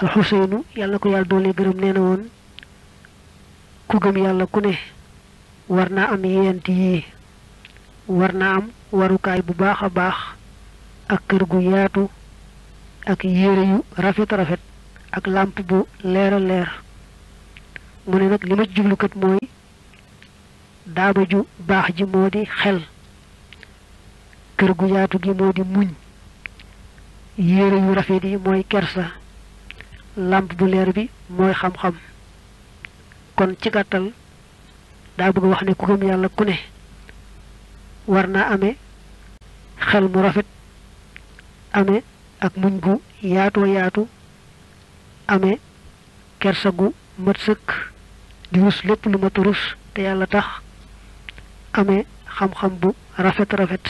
alxuseynu yàlla ko yàlla doole gërëm nee na woon ku gëm yàlla ku ne war naa am yeent yii war naa am warukaay bu baax a baax ak kër gu yaatu ak yére yu rafet rafet ak làmp bu leera leer mu ne nag li ma jublukat mooy daaba ju baax ji moo di xel kër gu yaatu gi moo di muñ yére yu rafet yi mooy kersa làmp bu leer bi mooy xam-xam kon ci gàttal daa bëgg wax ne ku gëm yàlla ku ne war naa amee xel mu rafet amee ak muñ gu yaatoo yaatu amee kersa gu mat sëkk di rus lépp lu mat rus te yàlla tax amee xam-xam bu rafet rafet